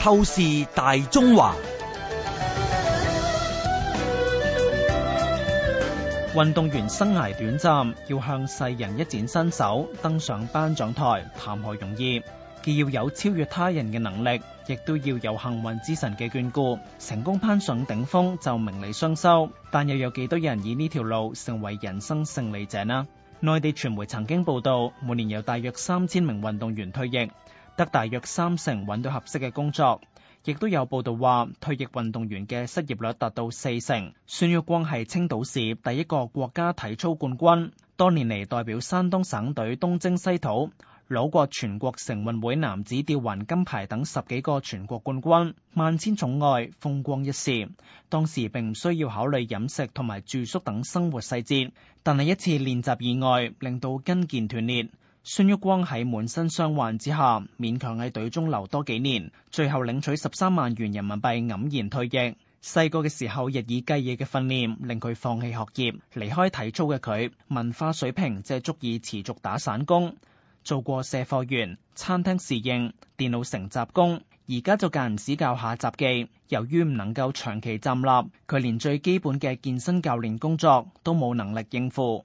透視大中華，運動員生涯短暫，要向世人一展身手，登上頒獎台，談何容易？既要有超越他人嘅能力，亦都要有幸運之神嘅眷顧，成功攀上頂峰就名利雙收。但又有幾多人以呢條路成為人生勝利者呢？內地傳媒曾經報道，每年有大約三千名運動員退役。得大約三成揾到合適嘅工作，亦都有報道話退役運動員嘅失業率達到四成。孫玉光係青島市第一個國家體操冠軍，多年嚟代表山東省隊東征西討，攞過全國城運會男子吊環金牌等十幾個全國冠軍，萬千寵愛，風光一時。當時並唔需要考慮飲食同埋住宿等生活細節，但係一次練習意外令到跟腱斷裂。孫旭光喺滿身傷患之下，勉強喺隊中留多幾年，最後領取十三萬元人民幣黯然退役。細個嘅時候，日以繼夜嘅訓練令佢放棄學業，離開體操嘅佢文化水平只足以持續打散工，做過卸貨員、餐廳侍應、電腦城雜工，而家就間唔時教下雜技。由於唔能夠長期站立，佢連最基本嘅健身教練工作都冇能力應付。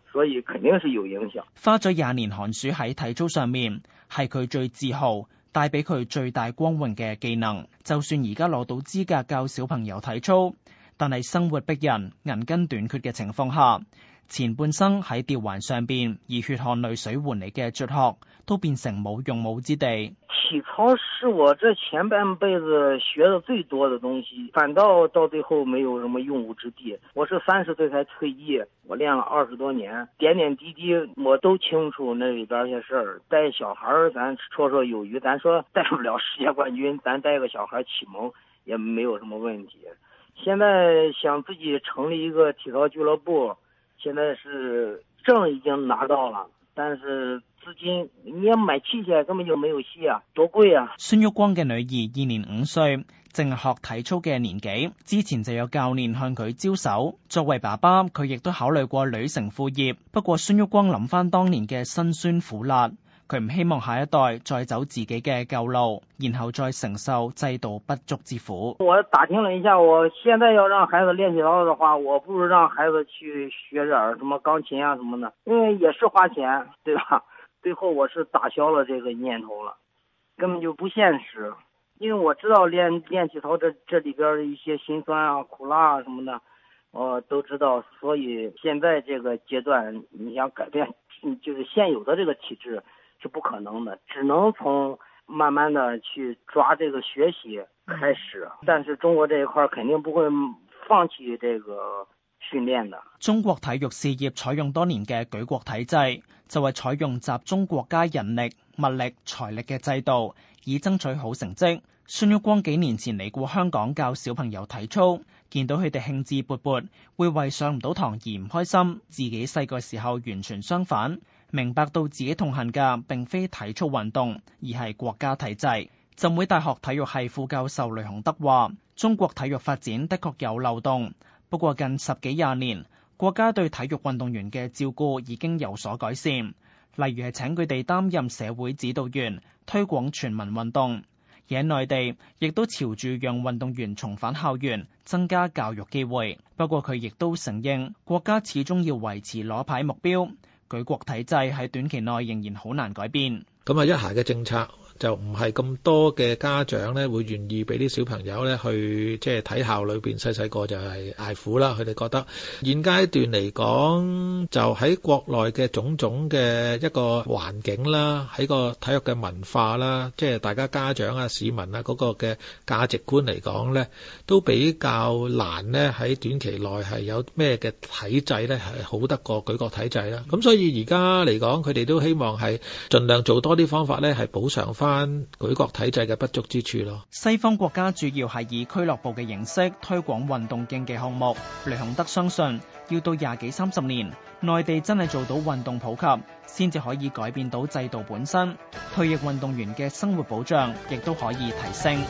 所以肯定是有影響。花咗廿年寒暑喺體操上面，係佢最自豪、帶俾佢最大光榮嘅技能。就算而家攞到資格教小朋友體操，但係生活逼人、銀根短缺嘅情況下，前半生喺吊環上邊，以血汗淚水換嚟嘅絕學，都變成冇用武之地。體操是我這前半輩子學得最多的東西，反倒到最後沒有什麼用武之地。我是三十歲才退役，我練了二十多年，點點滴滴我都清楚那裏邊些事。帶小孩，咱綽綽有餘。咱說帶不了世界冠軍，咱帶個小孩啟蒙也沒有什麼問題。現在想自己成立一個體操俱樂部。現在是證已經拿到了，但是資金你要買器械根本就沒有戲啊，多貴啊！孫旭光嘅女兒二年五歲，正學體操嘅年紀，之前就有教練向佢招手。作為爸爸，佢亦都考慮過女承父業，不過孫旭光諗翻當年嘅辛酸苦辣。佢唔希望下一代再走自己嘅舊路，然後再承受制度不足之苦。我打聽了一下，我現在要讓孩子練體操的話，我不如讓孩子去學點什麼鋼琴啊什麼的，因為也是花錢，對吧？最後我是打消了這個念頭了，根本就不現實。因為我知道練練體操這這裏邊的一些辛酸啊、苦辣啊什麼的，我都知道。所以現在這個階段，你想改變，就是現有的這個體制，是不可能的，只能從慢慢的去抓這個學習開始。但是中國這一塊肯定不會放棄這個訓練的。中國體育事業採用多年嘅舉國體制，就係採用集中國家人力、物力、財力嘅制度，以爭取好成績。孫玉光幾年前嚟過香港教小朋友體操，見到佢哋興致勃勃，會為上唔到堂而唔開心。自己細個時候完全相反。明白到自己痛恨嘅，並非體操運動，而係國家體制。浸會大學體育係副教授雷雄德話：中國體育發展的確有漏洞，不過近十幾廿年，國家對體育運動員嘅照顧已經有所改善，例如係請佢哋擔任社會指導員，推廣全民運動。而喺內地亦都朝住讓運動員重返校園，增加教育機會。不過佢亦都承認，國家始終要維持攞牌目標。舉國體制喺短期內仍然好難改變，咁啊，一孩嘅政策。就唔係咁多嘅家長咧，會願意俾啲小朋友咧去即係體校裏邊細細個就係捱苦啦。佢哋覺得現階段嚟講，就喺國內嘅種種嘅一個環境啦，喺個體育嘅文化啦，即係大家家長啊、市民啊嗰個嘅價值觀嚟講咧，都比較難咧喺短期內係有咩嘅體制咧係好得過舉國體制啦。咁所以而家嚟講，佢哋都希望係盡量做多啲方法咧，係補償翻。舉國體制嘅不足之處咯。西方國家主要係以俱樂部嘅形式推廣運動競技項目。雷洪德相信，要到廿幾三十年，內地真係做到運動普及，先至可以改變到制度本身。退役運動員嘅生活保障亦都可以提升。